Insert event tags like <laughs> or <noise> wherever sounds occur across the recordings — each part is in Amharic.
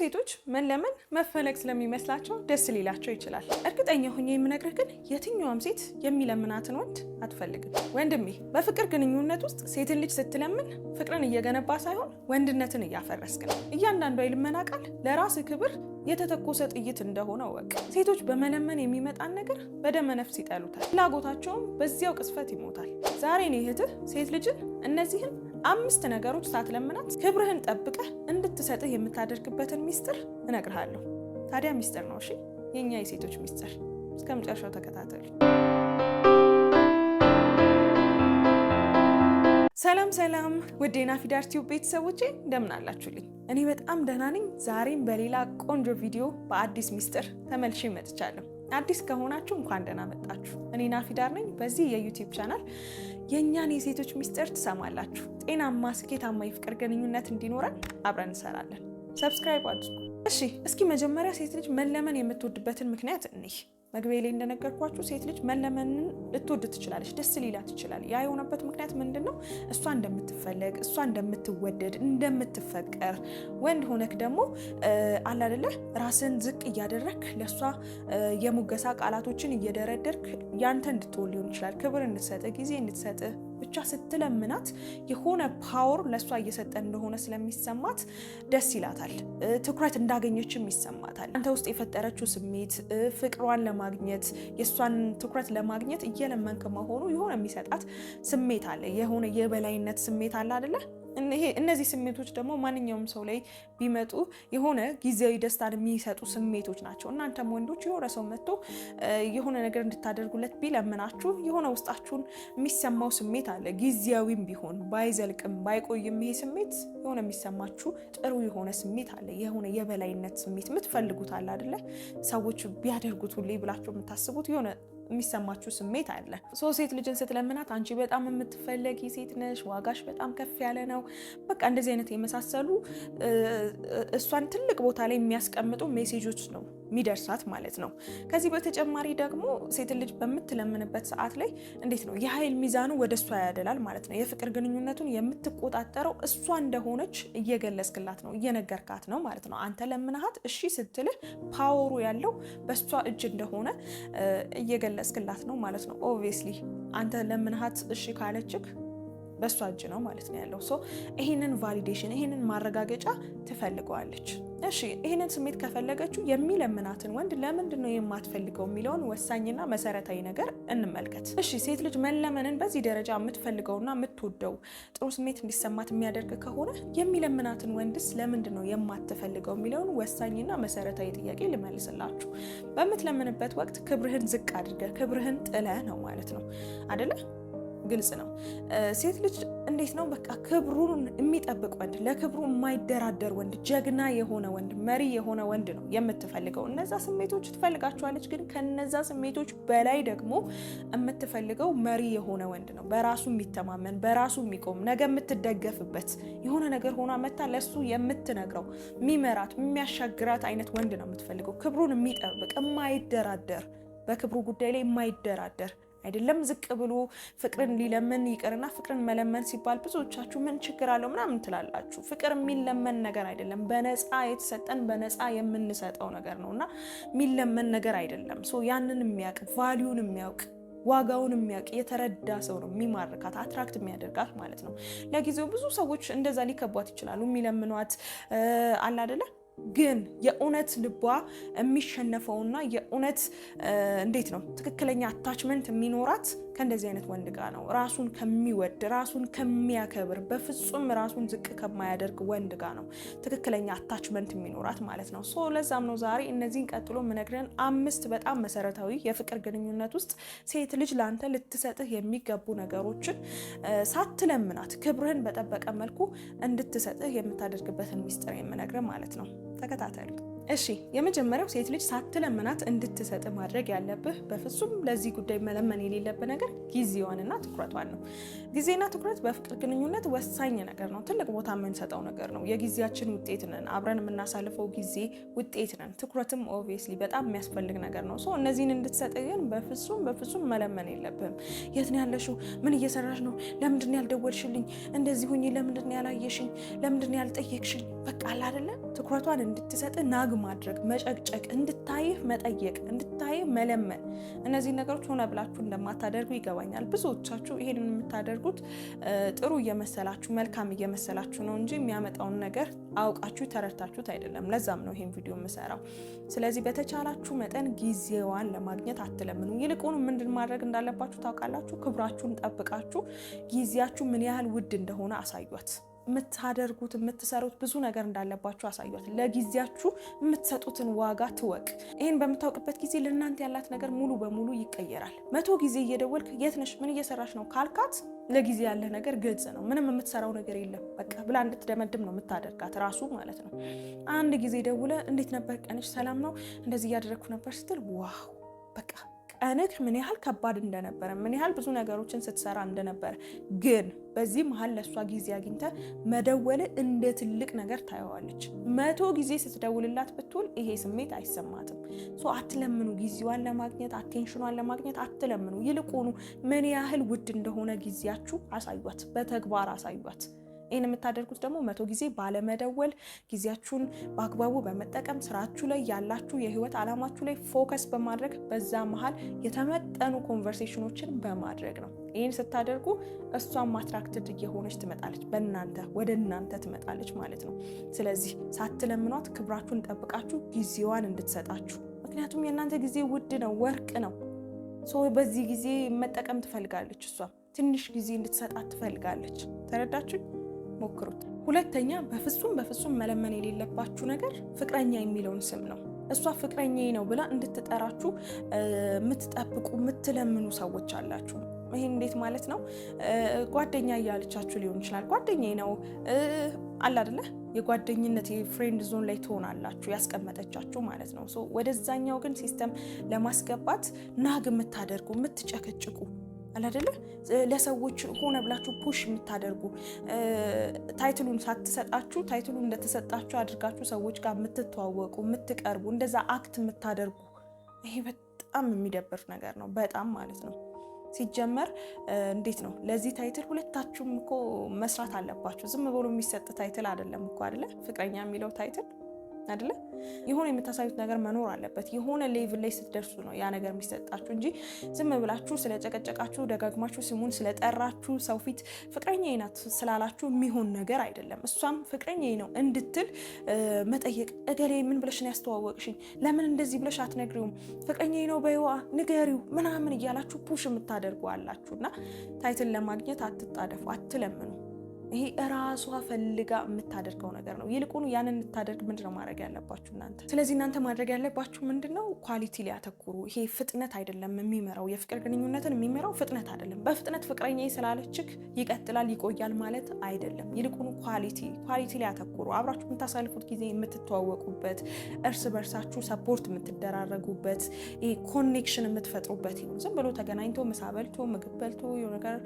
ሴቶች መለመን መፈለግ ስለሚመስላቸው ደስ ሊላቸው ይችላል። እርግጠኛ ሆኜ የምነግርህ ግን የትኛውም ሴት የሚለምናትን ወንድ አትፈልግም። ወንድሜ፣ በፍቅር ግንኙነት ውስጥ ሴትን ልጅ ስትለምን ፍቅርን እየገነባ ሳይሆን ወንድነትን እያፈረስክ ነው። እያንዳንዷ የልመና ቃል ለራስህ ክብር የተተኮሰ ጥይት እንደሆነ እወቅ። ሴቶች በመለመን የሚመጣን ነገር በደመነፍስ ይጠሉታል። ፍላጎታቸውም በዚያው ቅስፈት ይሞታል። ዛሬ እኔ እህትህ ሴት ልጅን እነዚህን አምስት ነገሮች ሳትለምናት ክብርህን ጠብቀህ እንድትሰጥህ የምታደርግበትን ሚስጥር እነግርሃለሁ። ታዲያ ሚስጥር ነው እሺ፣ የእኛ የሴቶች ሚስጥር። እስከ መጨረሻው ተከታተሉ። ሰላም ሰላም፣ ውድ የናፊዳር ቲዩብ ቤተሰቦቼ እንደምን አላችሁልኝ? እኔ በጣም ደህና ነኝ። ዛሬም በሌላ ቆንጆ ቪዲዮ በአዲስ ሚስጥር ተመልሼ መጥቻለሁ። አዲስ ከሆናችሁ እንኳን ደህና መጣችሁ። እኔ ናፊዳር ነኝ። በዚህ የዩቲዩብ ቻናል የእኛን የሴቶች ሚስጥር ትሰማላችሁ። ጤናማ፣ ስኬታማ የፍቅር ግንኙነት እንዲኖረን አብረን እንሰራለን። ሰብስክራይብ አድርጉ። እሺ፣ እስኪ መጀመሪያ ሴት ልጅ መለመን የምትወድበትን ምክንያት እኒህ መግቢያ ላይ እንደነገርኳችሁ ሴት ልጅ መለመንን ልትወድ ትችላለች፣ ደስ ሊላ ትችላል። ያ የሆነበት ምክንያት ምንድን ነው? እሷ እንደምትፈለግ፣ እሷ እንደምትወደድ፣ እንደምትፈቀር ወንድ ሆነክ ደግሞ አላ ራስን ዝቅ እያደረክ ለእሷ የሙገሳ ቃላቶችን እየደረደርክ ያንተ እንድትወል ሊሆን ይችላል። ክብር እንድትሰጥህ፣ ጊዜ እንድትሰጥህ ብቻ ስትለምናት የሆነ ፓወር ለእሷ እየሰጠ እንደሆነ ስለሚሰማት ደስ ይላታል። ትኩረት እንዳገኘችም ይሰማታል። አንተ ውስጥ የፈጠረችው ስሜት ፍቅሯን ለማግኘት የእሷን ትኩረት ለማግኘት እየለመንክ መሆኑ የሆነ የሚሰጣት ስሜት አለ። የሆነ የበላይነት ስሜት አለ አደለ? እነዚህ ስሜቶች ደግሞ ማንኛውም ሰው ላይ ቢመጡ የሆነ ጊዜያዊ ደስታን የሚሰጡ ስሜቶች ናቸው። እናንተም ወንዶች የሆነ ሰው መጥቶ የሆነ ነገር እንድታደርጉለት ቢለምናችሁ የሆነ ውስጣችሁን የሚሰማው ስሜት አለ። ጊዜያዊም ቢሆን ባይዘልቅም ባይቆይም ይሄ ስሜት የሆነ የሚሰማችሁ ጥሩ የሆነ ስሜት አለ። የሆነ የበላይነት ስሜት የምትፈልጉት አለ አይደለ? ሰዎች ቢያደርጉት ሁሌ ብላችሁ የምታስቡት የሆነ የሚሰማችሁ ስሜት አለ። ሶ ሴት ልጅን ስትለምናት አንቺ በጣም የምትፈለጊ ሴት ነሽ፣ ዋጋሽ በጣም ከፍ ያለ ነው፣ በቃ እንደዚህ አይነት የመሳሰሉ እሷን ትልቅ ቦታ ላይ የሚያስቀምጡ ሜሴጆች ነው የሚደርሳት ማለት ነው። ከዚህ በተጨማሪ ደግሞ ሴት ልጅ በምትለምንበት ሰዓት ላይ እንዴት ነው የኃይል ሚዛኑ ወደ እሷ ያደላል ማለት ነው። የፍቅር ግንኙነቱን የምትቆጣጠረው እሷ እንደሆነች እየገለጽክላት ነው፣ እየነገርካት ነው ማለት ነው። አንተ ለምንሃት እሺ ስትልህ ፓወሩ ያለው በእሷ እጅ እንደሆነ እየገለጽክላት ነው ማለት ነው። ኦብቪየስሊ አንተ ለምንሃት እሺ ካለችክ በእሷ እጅ ነው ማለት ነው ያለው። ሶ ይህንን ቫሊዴሽን ይህንን ማረጋገጫ ትፈልገዋለች። እሺ ይህንን ስሜት ከፈለገችው የሚለምናትን ወንድ ለምንድን ነው የማትፈልገው የሚለውን ወሳኝና መሰረታዊ ነገር እንመልከት። እሺ ሴት ልጅ መለመንን በዚህ ደረጃ የምትፈልገውና የምትወደው ጥሩ ስሜት እንዲሰማት የሚያደርግ ከሆነ የሚለምናትን ወንድስ ለምንድን ነው የማትፈልገው የሚለውን ወሳኝና መሰረታዊ ጥያቄ ልመልስላችሁ። በምትለምንበት ወቅት ክብርህን ዝቅ አድርገህ ክብርህን ጥለህ ነው ማለት ነው አደለ ግልጽ ነው። ሴት ልጅ እንዴት ነው በቃ ክብሩን የሚጠብቅ ወንድ፣ ለክብሩ የማይደራደር ወንድ፣ ጀግና የሆነ ወንድ፣ መሪ የሆነ ወንድ ነው የምትፈልገው። እነዛ ስሜቶች ትፈልጋቸዋለች፣ ግን ከነዛ ስሜቶች በላይ ደግሞ የምትፈልገው መሪ የሆነ ወንድ ነው። በራሱ የሚተማመን በራሱ የሚቆም ነገ የምትደገፍበት የሆነ ነገር ሆኖ መታ ለሱ የምትነግረው የሚመራት የሚያሻግራት አይነት ወንድ ነው የምትፈልገው። ክብሩን የሚጠብቅ የማይደራደር፣ በክብሩ ጉዳይ ላይ የማይደራደር አይደለም ዝቅ ብሎ ፍቅርን ሊለምን ይቅርና ፍቅርን መለመን ሲባል ብዙዎቻችሁ ምን ችግር አለው ምናምን ትላላችሁ። ፍቅር የሚለመን ነገር አይደለም። በነፃ የተሰጠን በነፃ የምንሰጠው ነገር ነው እና የሚለመን ነገር አይደለም። ሶ ያንን የሚያውቅ ቫሊዩን የሚያውቅ ዋጋውን የሚያውቅ የተረዳ ሰው ነው የሚማርካት አትራክት የሚያደርጋት ማለት ነው። ለጊዜው ብዙ ሰዎች እንደዛ ሊከቧት ይችላሉ። የሚለምኗት አለ ግን የእውነት ልቧ የሚሸነፈውና የእውነት እንዴት ነው ትክክለኛ አታችመንት የሚኖራት ከእንደዚህ አይነት ወንድ ጋር ነው። ራሱን ከሚወድ ራሱን ከሚያከብር በፍጹም ራሱን ዝቅ ከማያደርግ ወንድ ጋር ነው ትክክለኛ አታችመንት የሚኖራት ማለት ነው። ሶ ለዛም ነው ዛሬ እነዚህን ቀጥሎ ምነግረን አምስት በጣም መሰረታዊ የፍቅር ግንኙነት ውስጥ ሴት ልጅ ለአንተ ልትሰጥህ የሚገቡ ነገሮችን ሳትለምናት ክብርህን በጠበቀ መልኩ እንድትሰጥህ የምታደርግበትን ሚስጥር የምነግረን ማለት ነው። Takatater. እሺ የመጀመሪያው ሴት ልጅ ሳትለምናት እንድትሰጥ ማድረግ ያለብህ በፍጹም ለዚህ ጉዳይ መለመን የሌለብህ ነገር ጊዜዋንና ትኩረቷን ነው። ጊዜና ትኩረት በፍቅር ግንኙነት ወሳኝ ነገር ነው። ትልቅ ቦታ የምንሰጠው ነገር ነው። የጊዜያችን ውጤት ነን። አብረን የምናሳልፈው ጊዜ ውጤት ነን። ትኩረትም ኦብቪየስሊ በጣም የሚያስፈልግ ነገር ነው። ሶ እነዚህን እንድትሰጥ ግን በፍጹም በፍጹም መለመን የለብህም። የት ነው ያለሽው? ምን እየሰራሽ ነው? ለምንድን ያልደወልሽልኝ? እንደዚህ ሁኚ። ለምንድን ያላየሽኝ? ለምንድን ያልጠየቅሽኝ? በቃ አለ ትኩረቷን እንድትሰጥ ናግ ማድረግ፣ መጨቅጨቅ፣ እንድታይህ መጠየቅ፣ እንድታይህ መለመን፣ እነዚህ ነገሮች ሆነ ብላችሁ እንደማታደርጉ ይገባኛል። ብዙዎቻችሁ ይሄንን የምታደርጉት ጥሩ እየመሰላችሁ መልካም እየመሰላችሁ ነው እንጂ የሚያመጣውን ነገር አውቃችሁ ተረድታችሁት አይደለም። ለዛም ነው ይሄን ቪዲዮ የምሰራው። ስለዚህ በተቻላችሁ መጠን ጊዜዋን ለማግኘት አትለምኑ። ይልቁን ምንድን ማድረግ እንዳለባችሁ ታውቃላችሁ። ክብራችሁን ጠብቃችሁ ጊዜያችሁ ምን ያህል ውድ እንደሆነ አሳዩት። የምታደርጉት የምትሰሩት ብዙ ነገር እንዳለባችሁ አሳዩት። ለጊዜያችሁ የምትሰጡትን ዋጋ ትወቅ። ይህን በምታውቅበት ጊዜ ለእናንተ ያላት ነገር ሙሉ በሙሉ ይቀየራል። መቶ ጊዜ እየደወልክ የት ነሽ፣ ምን እየሰራች ነው ካልካት ለጊዜ ያለ ነገር ግልጽ ነው። ምንም የምትሰራው ነገር የለም በቃ ብላ እንድትደመድም ነው የምታደርጋት ራሱ ማለት ነው። አንድ ጊዜ ደውለ እንዴት ነበር ቀንሽ፣ ሰላም ነው፣ እንደዚህ እያደረግኩ ነበር ስትል ዋው በቃ ቀንህ ምን ያህል ከባድ እንደነበረ ምን ያህል ብዙ ነገሮችን ስትሰራ እንደነበረ፣ ግን በዚህ መሀል ለእሷ ጊዜ አግኝተ መደወል እንደ ትልቅ ነገር ታየዋለች። መቶ ጊዜ ስትደውልላት ብትውል ይሄ ስሜት አይሰማትም። አትለምኑ፣ ጊዜዋን ለማግኘት አቴንሽኗን ለማግኘት አትለምኑ። ይልቁኑ ምን ያህል ውድ እንደሆነ ጊዜያችሁ አሳዩት፣ በተግባር አሳዩት። ይህን የምታደርጉት ደግሞ መቶ ጊዜ ባለመደወል ጊዜያችሁን በአግባቡ በመጠቀም ስራችሁ ላይ ያላችሁ የህይወት አላማችሁ ላይ ፎከስ በማድረግ በዛ መሀል የተመጠኑ ኮንቨርሴሽኖችን በማድረግ ነው። ይህን ስታደርጉ እሷም አትራክትድ እየሆነች ትመጣለች፣ በእናንተ ወደ እናንተ ትመጣለች ማለት ነው። ስለዚህ ሳትለምኗት ክብራችሁን ጠብቃችሁ ጊዜዋን እንድትሰጣችሁ፣ ምክንያቱም የእናንተ ጊዜ ውድ ነው፣ ወርቅ ነው። በዚህ ጊዜ መጠቀም ትፈልጋለች እሷ ትንሽ ጊዜ እንድትሰጣት ትፈልጋለች። ተረዳችሁ? ሞክሩት። ሁለተኛ በፍጹም በፍጹም መለመን የሌለባችሁ ነገር ፍቅረኛ የሚለውን ስም ነው። እሷ ፍቅረኛዬ ነው ብላ እንድትጠራችሁ የምትጠብቁ የምትለምኑ ሰዎች አላችሁ። ይህ እንዴት ማለት ነው? ጓደኛ እያለቻችሁ ሊሆን ይችላል። ጓደኛዬ ነው አለ አይደለ? የጓደኝነት የፍሬንድ ዞን ላይ ትሆናላችሁ ያስቀመጠቻችሁ ማለት ነው። ወደዛኛው ግን ሲስተም ለማስገባት ናግ የምታደርጉ የምትጨቀጭቁ አይደለም ለሰዎች ሆነ ብላችሁ ፑሽ የምታደርጉ ታይትሉን ሳትሰጣችሁ ታይትሉን እንደተሰጣችሁ አድርጋችሁ ሰዎች ጋር የምትተዋወቁ የምትቀርቡ፣ እንደዛ አክት የምታደርጉ ይሄ በጣም የሚደብር ነገር ነው። በጣም ማለት ነው። ሲጀመር እንዴት ነው ለዚህ ታይትል ሁለታችሁም እኮ መስራት አለባችሁ። ዝም ብሎ የሚሰጥ ታይትል አይደለም እኮ አይደለ? ፍቅረኛ የሚለው ታይትል አይደለ? የሆነ የምታሳዩት ነገር መኖር አለበት። የሆነ ሌቭል ላይ ስትደርሱ ነው ያ ነገር የሚሰጣችሁ እንጂ ዝም ብላችሁ ስለጨቀጨቃችሁ፣ ደጋግማችሁ ስሙን ስለጠራችሁ፣ ሰው ፊት ፍቅረኛ ናት ስላላችሁ የሚሆን ነገር አይደለም። እሷም ፍቅረኛ ነው እንድትል መጠየቅ፣ እገሌ ምን ብለሽን ያስተዋወቅሽኝ ለምን እንደዚህ ብለሽ አትነግሪውም? ፍቅረኛ ነው በይዋ ንገሪው ምናምን እያላችሁ ፑሽ የምታደርጉ አላችሁ እና ታይትል ለማግኘት አትጣደፉ፣ አትለምኑ። ይሄ እራሷ ፈልጋ የምታደርገው ነገር ነው። ይልቁኑ ያንን እንታደርግ ምንድን ነው ማድረግ ያለባችሁ እናንተ? ስለዚህ እናንተ ማድረግ ያለባችሁ ምንድን ነው? ኳሊቲ ሊያተኩሩ። ይሄ ፍጥነት አይደለም የሚመራው የፍቅር ግንኙነትን የሚመራው ፍጥነት አይደለም። በፍጥነት ፍቅረኛ ስላለችክ ይቀጥላል ይቆያል ማለት አይደለም። ይልቁኑ ኳሊቲ ኳሊቲ ሊያተኩሩ። አብራችሁ የምታሳልፉት ጊዜ የምትተዋወቁበት፣ እርስ በርሳችሁ ሰፖርት የምትደራረጉበት፣ ይሄ ኮኔክሽን የምትፈጥሩበት ይሁን። ዝም ብሎ ተገናኝቶ ምሳ በልቶ ምግብ በልቶ ነገር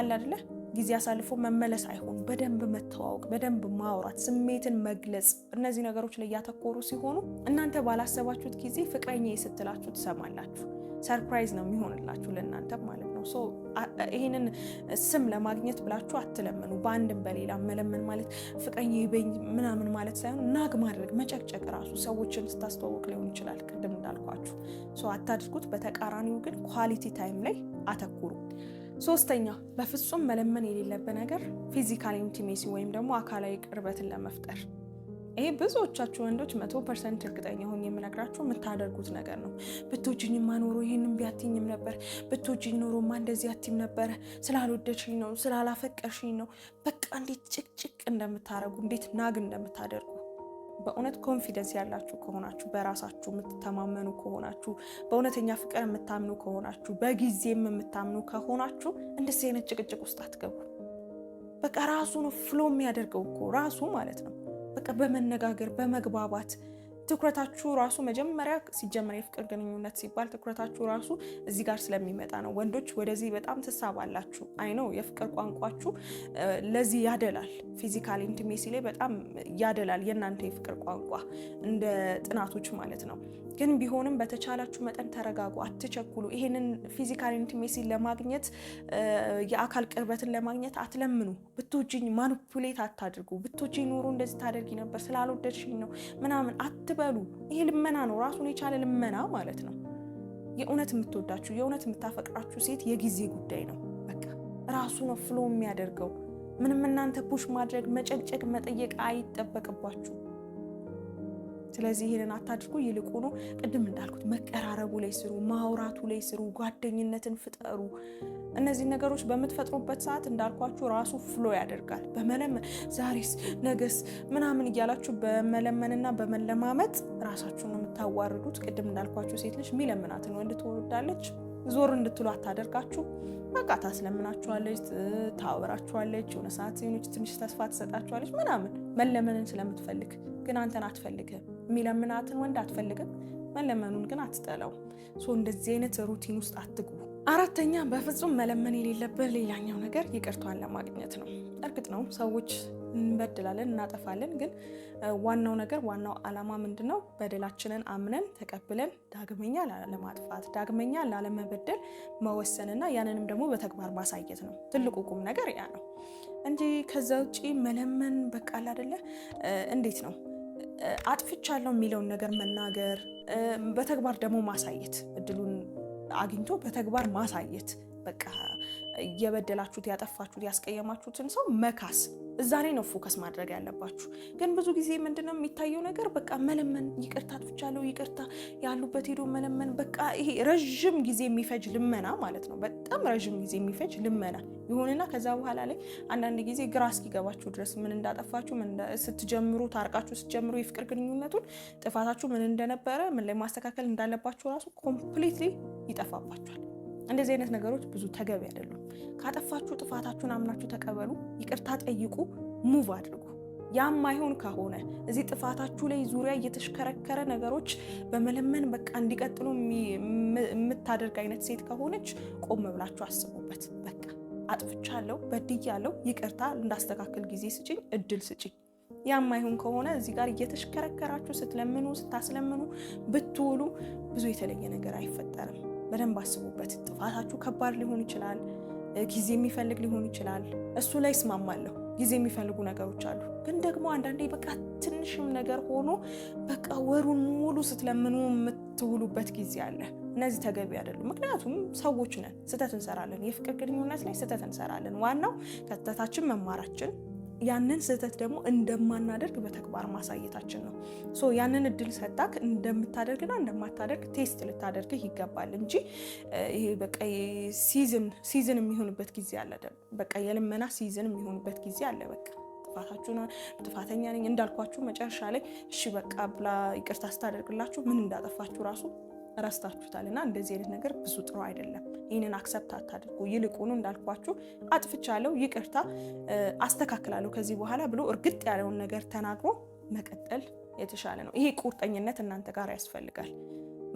አለ አይደለ ጊዜ አሳልፎ መመለስ አይሆኑ፣ በደንብ መተዋወቅ፣ በደንብ ማውራት፣ ስሜትን መግለጽ፣ እነዚህ ነገሮች ላይ ያተኮሩ ሲሆኑ እናንተ ባላሰባችሁት ጊዜ ፍቅረኛ ስትላችሁ ትሰማላችሁ። ሰርፕራይዝ ነው የሚሆንላችሁ ለእናንተ ማለት ነው። ይህንን ስም ለማግኘት ብላችሁ አትለምኑ። በአንድም በሌላ መለመን ማለት ፍቅረኛ ይበኝ ምናምን ማለት ሳይሆን ናግ ማድረግ መጨቅጨቅ ራሱ ሰዎችን ስታስተዋወቅ ሊሆን ይችላል። ቅድም እንዳልኳችሁ አታድርጉት። በተቃራኒው ግን ኳሊቲ ታይም ላይ አተኩሩ። ሶስተኛ በፍጹም መለመን የሌለብን ነገር ፊዚካል ኢንቲሜሲ ወይም ደግሞ አካላዊ ቅርበትን ለመፍጠር ይሄ ብዙዎቻችሁ ወንዶች መቶ ፐርሰንት እርግጠኛ ሆኜ የምነግራችሁ የምታደርጉት ነገር ነው። ብትወጂኝማ ኖሮ ይህንም ቢያትኝም ነበር፣ ብትወጂኝ ኖሮማ እንደዚህ አትይም ነበረ፣ ስላልወደድሽኝ ነው፣ ስላላፈቀርሽኝ ነው። በቃ እንዴት ጭቅጭቅ እንደምታደርጉ እንዴት ናግ እንደምታደርጉ በእውነት ኮንፊደንስ ያላችሁ ከሆናችሁ፣ በራሳችሁ የምትተማመኑ ከሆናችሁ፣ በእውነተኛ ፍቅር የምታምኑ ከሆናችሁ፣ በጊዜም የምታምኑ ከሆናችሁ እንደዚህ አይነት ጭቅጭቅ ውስጥ አትገቡ። በቃ ራሱ ነው ፍሎ የሚያደርገው እኮ ራሱ ማለት ነው። በቃ በመነጋገር በመግባባት ትኩረታችሁ ራሱ መጀመሪያ ሲጀመር የፍቅር ግንኙነት ሲባል ትኩረታችሁ ራሱ እዚህ ጋር ስለሚመጣ ነው። ወንዶች ወደዚህ በጣም ትሳባላችሁ። አይ ነው የፍቅር ቋንቋችሁ ለዚህ ያደላል። ፊዚካል ኢንቲሜሲ ላይ በጣም ያደላል የእናንተ የፍቅር ቋንቋ እንደ ጥናቶች ማለት ነው። ግን ቢሆንም በተቻላችሁ መጠን ተረጋጉ፣ አትቸኩሉ። ይሄንን ፊዚካል ኢንቲሜሲን ለማግኘት የአካል ቅርበትን ለማግኘት አትለምኑ። ብትወጂኝ ማኒፑሌት አታድርጉ። ብትወጂኝ ኑሮ እንደዚህ ታደርጊ ነበር ስላልወደድሽኝ ነው ምናምን አትበሉ። ይሄ ልመና ነው፣ ራሱን የቻለ ልመና ማለት ነው። የእውነት የምትወዳችሁ የእውነት የምታፈቅራችሁ ሴት የጊዜ ጉዳይ ነው። በቃ ራሱ ነው ፍሎ የሚያደርገው። ምንም እናንተ ፑሽ ማድረግ፣ መጨቅጨቅ፣ መጠየቅ አይጠበቅባችሁም። ስለዚህ ይህንን አታድርጉ። ይልቁኑ ቅድም እንዳልኩት መቀራረቡ ላይ ስሩ፣ ማውራቱ ላይ ስሩ፣ ጓደኝነትን ፍጠሩ። እነዚህ ነገሮች በምትፈጥሩበት ሰዓት እንዳልኳችሁ ራሱ ፍሎ ያደርጋል። በመለመን ዛሬስ፣ ነገስ ምናምን እያላችሁ በመለመንና በመለማመጥ ራሳችሁን የምታዋርዱት። ቅድም እንዳልኳችሁ ሴት ልጅ የሚለምናትን ወንድ ትወዳለች። ዞር እንድትሉ አታደርጋችሁ። በቃ ታስለምናችኋለች፣ ታወራችኋለች፣ የሆነ ሰዓት ትንሽ ተስፋ ትሰጣችኋለች ምናምን መለመንን ስለምትፈልግ ግን አንተን አትፈልግህም። የሚለምናትን ወንድ አትፈልግም። መለመኑን ግን አትጠላው። እንደዚህ አይነት ሩቲን ውስጥ አትግቡ። አራተኛ በፍጹም መለመን የሌለብህ ሌላኛው ነገር ይቅርቷን ለማግኘት ነው። እርግጥ ነው ሰዎች እንበድላለን፣ እናጠፋለን። ግን ዋናው ነገር ዋናው ዓላማ ምንድን ነው? በደላችንን አምነን ተቀብለን ዳግመኛ ላለማጥፋት፣ ዳግመኛ ላለመበደል መወሰንና ያንንም ደግሞ በተግባር ማሳየት ነው። ትልቁ ቁም ነገር ያ ነው እንጂ ከዛ ውጭ መለመን በቃል አደለ እንዴት ነው አጥፍቻለሁ የሚለውን ነገር መናገር፣ በተግባር ደግሞ ማሳየት፣ እድሉን አግኝቶ በተግባር ማሳየት በቃ የበደላችሁት ያጠፋችሁት ያስቀየማችሁትን ሰው መካስ እዛ ላይ ነው ፎከስ ማድረግ ያለባችሁ። ግን ብዙ ጊዜ ምንድነው የሚታየው ነገር በቃ መለመን፣ ይቅርታ አጥፍቻለሁ፣ ይቅርታ ያሉበት ሄዶ መለመን። በቃ ይሄ ረዥም ጊዜ የሚፈጅ ልመና ማለት ነው። በጣም ረዥም ጊዜ የሚፈጅ ልመና ይሁንና ከዛ በኋላ ላይ አንዳንድ ጊዜ ግራ እስኪገባችሁ ድረስ ምን እንዳጠፋችሁ ስትጀምሩ፣ ታርቃችሁ ስትጀምሩ የፍቅር ግንኙነቱን ጥፋታችሁ ምን እንደነበረ ምን ላይ ማስተካከል እንዳለባችሁ ራሱ ኮምፕሊትሊ ይጠፋባችኋል። እንደዚህ አይነት ነገሮች ብዙ ተገቢ አይደሉም። ካጠፋችሁ ጥፋታችሁን አምናችሁ ተቀበሉ፣ ይቅርታ ጠይቁ፣ ሙቭ አድርጉ። ያም ማይሆን ከሆነ እዚህ ጥፋታችሁ ላይ ዙሪያ እየተሽከረከረ ነገሮች በመለመን በቃ እንዲቀጥሉ የምታደርግ አይነት ሴት ከሆነች ቆም ብላችሁ አስቡበት። በቃ አጥፍቻለሁ፣ በድያለሁ፣ ይቅርታ እንዳስተካከል ጊዜ ስጭኝ፣ እድል ስጭኝ። ያም ማይሆን ከሆነ እዚህ ጋር እየተሽከረከራችሁ ስትለምኑ ስታስለምኑ ብትውሉ ብዙ የተለየ ነገር አይፈጠርም። በደንብ አስቡበት። ጥፋታችሁ ከባድ ሊሆን ይችላል፣ ጊዜ የሚፈልግ ሊሆን ይችላል። እሱ ላይ እስማማለሁ። ጊዜ የሚፈልጉ ነገሮች አሉ። ግን ደግሞ አንዳንዴ በቃ ትንሽም ነገር ሆኖ በቃ ወሩን ሙሉ ስትለምኑ የምትውሉበት ጊዜ አለ። እነዚህ ተገቢ አይደሉም። ምክንያቱም ሰዎች ነን፣ ስህተት እንሰራለን። የፍቅር ግንኙነት ላይ ስህተት እንሰራለን። ዋናው ከስህተታችን መማራችን ያንን ስህተት ደግሞ እንደማናደርግ በተግባር ማሳየታችን ነው። ሶ ያንን እድል ሰጣክ እንደምታደርግና እንደማታደርግ ቴስት ልታደርግህ ይገባል እንጂ ይሄ በቃ ሲዝን የሚሆንበት ጊዜ አለ። በቃ የልመና ሲዝን የሚሆንበት ጊዜ አለ። በቃ ጥፋታችሁ ጥፋተኛ ነኝ እንዳልኳችሁ መጨረሻ ላይ እሺ በቃ ብላ ይቅርታ ስታደርግላችሁ ምን እንዳጠፋችሁ ራሱ ረስታችሁታል እና እንደዚህ አይነት ነገር ብዙ ጥሩ አይደለም። ይህንን አክሰፕት አታድርጉ። ይልቁኑ እንዳልኳችሁ አጥፍቻለሁ፣ ይቅርታ፣ አስተካክላለሁ ከዚህ በኋላ ብሎ እርግጥ ያለውን ነገር ተናግሮ መቀጠል የተሻለ ነው። ይሄ ቁርጠኝነት እናንተ ጋር ያስፈልጋል።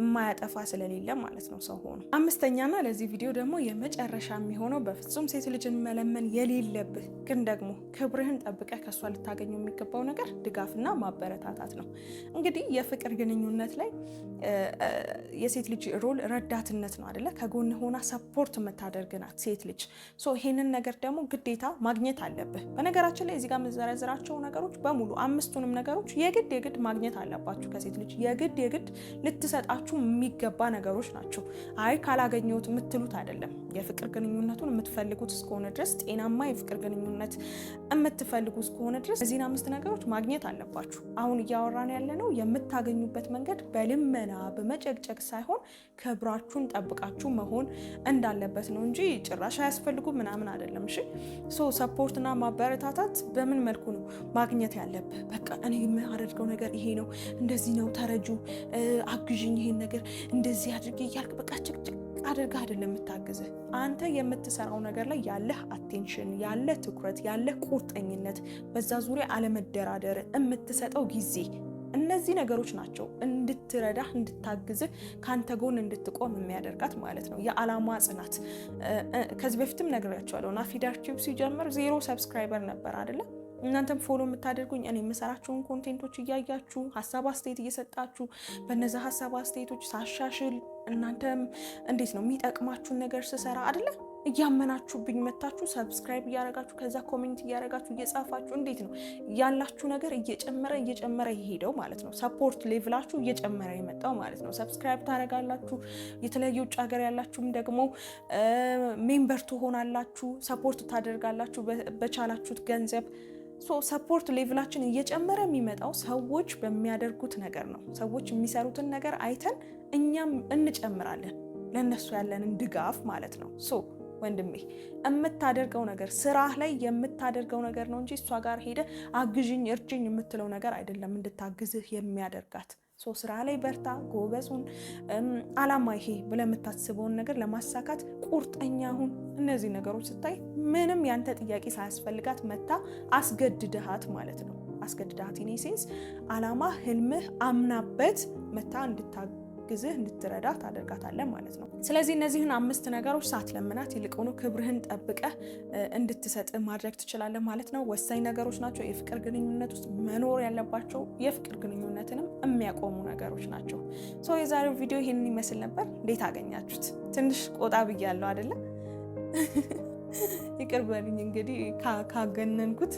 የማያጠፋ ስለሌለ ማለት ነው ሰው ሆኖ። አምስተኛና ለዚህ ቪዲዮ ደግሞ የመጨረሻ የሚሆነው በፍጹም ሴት ልጅን መለመን የሌለብህ ግን ደግሞ ክብርህን ጠብቀህ ከእሷ ልታገኘው የሚገባው ነገር ድጋፍና ማበረታታት ነው። እንግዲህ የፍቅር ግንኙነት ላይ የሴት ልጅ ሮል ረዳትነት ነው አደለ? ከጎን ሆና ሰፖርት የምታደርግ ናት ሴት ልጅ። ይህንን ነገር ደግሞ ግዴታ ማግኘት አለብህ። በነገራችን ላይ እዚህ ጋር የምዘረዝራቸው ነገሮች በሙሉ አምስቱንም ነገሮች የግድ የግድ ማግኘት አለባችሁ ከሴት ልጅ የግድ የግድ ልትሰጣ ሊያደርጓችሁ የሚገባ ነገሮች ናቸው። አይ ካላገኘሁት የምትሉት አይደለም። የፍቅር ግንኙነቱን የምትፈልጉት እስከሆነ ድረስ፣ ጤናማ የፍቅር ግንኙነት የምትፈልጉ እስከሆነ ድረስ እዚህን አምስት ነገሮች ማግኘት አለባችሁ። አሁን እያወራን ያለ ነው የምታገኙበት መንገድ በልመና በመጨቅጨቅ ሳይሆን ክብራችሁን ጠብቃችሁ መሆን እንዳለበት ነው እንጂ ጭራሽ አያስፈልጉ ምናምን አይደለም። እሺ ሶ ሰፖርትና ማበረታታት በምን መልኩ ነው ማግኘት ያለብህ? በቃ እኔ የማደርገው ነገር ይሄ ነው፣ እንደዚህ ነው፣ ተረጁ፣ አግዥኝ፣ ይሄ ይህን ነገር እንደዚህ አድርጌ እያልክ በቃ ጭቅጭቅ አድርገህ አይደለም የምታግዝህ። አንተ የምትሰራው ነገር ላይ ያለህ አቴንሽን፣ ያለህ ትኩረት፣ ያለህ ቁርጠኝነት፣ በዛ ዙሪያ አለመደራደር፣ የምትሰጠው ጊዜ እነዚህ ነገሮች ናቸው እንድትረዳህ እንድታግዝህ ከአንተ ጎን እንድትቆም የሚያደርጋት ማለት ነው። የዓላማ ጽናት ከዚህ በፊትም ነግሬያቸዋለሁ። ናፊዳር ቲዩብ ሲጀምር ዜሮ ሰብስክራይበር ነበር አይደለም እናንተም ፎሎ የምታደርጉኝ እኔ የምሰራቸውን ኮንቴንቶች እያያችሁ ሀሳብ አስተያየት እየሰጣችሁ በነዚ ሀሳብ አስተያየቶች ሳሻሽል እናንተም እንዴት ነው የሚጠቅማችሁን ነገር ስሰራ አደለ እያመናችሁብኝ መታችሁ ሰብስክራይብ እያረጋችሁ ከዛ ኮሜንት እያረጋችሁ እየጻፋችሁ እንዴት ነው ያላችሁ ነገር እየጨመረ እየጨመረ የሄደው ማለት ነው። ሰፖርት ሌቭላችሁ እየጨመረ የመጣው ማለት ነው። ሰብስክራይብ ታረጋላችሁ። የተለያየ ውጭ ሀገር ያላችሁም ደግሞ ሜምበር ትሆናላችሁ፣ ሰፖርት ታደርጋላችሁ በቻላችሁት ገንዘብ ሰፖርት ሌቭላችን እየጨመረ የሚመጣው ሰዎች በሚያደርጉት ነገር ነው። ሰዎች የሚሰሩትን ነገር አይተን እኛም እንጨምራለን፣ ለእነሱ ያለንን ድጋፍ ማለት ነው። ሶ ወንድሜ የምታደርገው ነገር ስራህ ላይ የምታደርገው ነገር ነው እንጂ እሷ ጋር ሄደ አግዥኝ እርጅኝ የምትለው ነገር አይደለም እንድታግዝህ የሚያደርጋት ሶ ስራ ላይ በርታ፣ ጎበዙን አላማ ይሄ ብለህ የምታስበውን ነገር ለማሳካት ቁርጠኛ ሁን። እነዚህ ነገሮች ስታይ ምንም ያንተ ጥያቄ ሳያስፈልጋት መታ አስገድድሃት ማለት ነው። አስገድድሃት ኔ አላማ ህልምህ አምናበት መታ እንድታ አግዝህ እንድትረዳ ታደርጋታለህ ማለት ነው። ስለዚህ እነዚህን አምስት ነገሮች ሳትለምናት ይልቁኑ ክብርህን ጠብቀህ እንድትሰጥ ማድረግ ትችላለህ ማለት ነው። ወሳኝ ነገሮች ናቸው። የፍቅር ግንኙነት ውስጥ መኖር ያለባቸው የፍቅር ግንኙነትንም የሚያቆሙ ነገሮች ናቸው። ሰው የዛሬው ቪዲዮ ይህንን ይመስል ነበር። እንዴት አገኛችሁት? ትንሽ ቆጣ ብያለሁ አይደለም? <laughs> ይቅር በልኝ እንግዲህ ካገነንኩት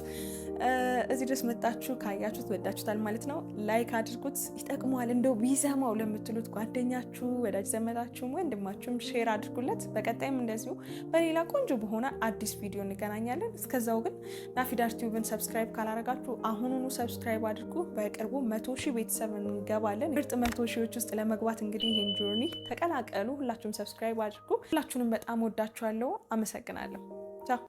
እዚህ ድረስ መጣችሁ ካያችሁት ወዳችሁታል ማለት ነው። ላይክ አድርጉት፣ ይጠቅመዋል እንደው ቢሰማው ለምትሉት ጓደኛችሁ፣ ወዳጅ ዘመዳችሁም፣ ወንድማችሁም ሼር አድርጉለት። በቀጣይም እንደዚሁ በሌላ ቆንጆ በሆነ አዲስ ቪዲዮ እንገናኛለን። እስከዛው ግን ናፊዳር ቲዩብን ሰብስክራይብ ካላረጋችሁ አሁኑኑ ሰብስክራይብ አድርጉ። በቅርቡ መቶ ሺህ ቤተሰብ እንገባለን። ምርጥ መቶ ሺዎች ውስጥ ለመግባት እንግዲህ ይህን ጆርኒ ተቀላቀሉ። ሁላችሁም ሰብስክራይብ አድርጉ። ሁላችሁንም በጣም ወዳችኋለሁ። አመሰግናለሁ። ቻው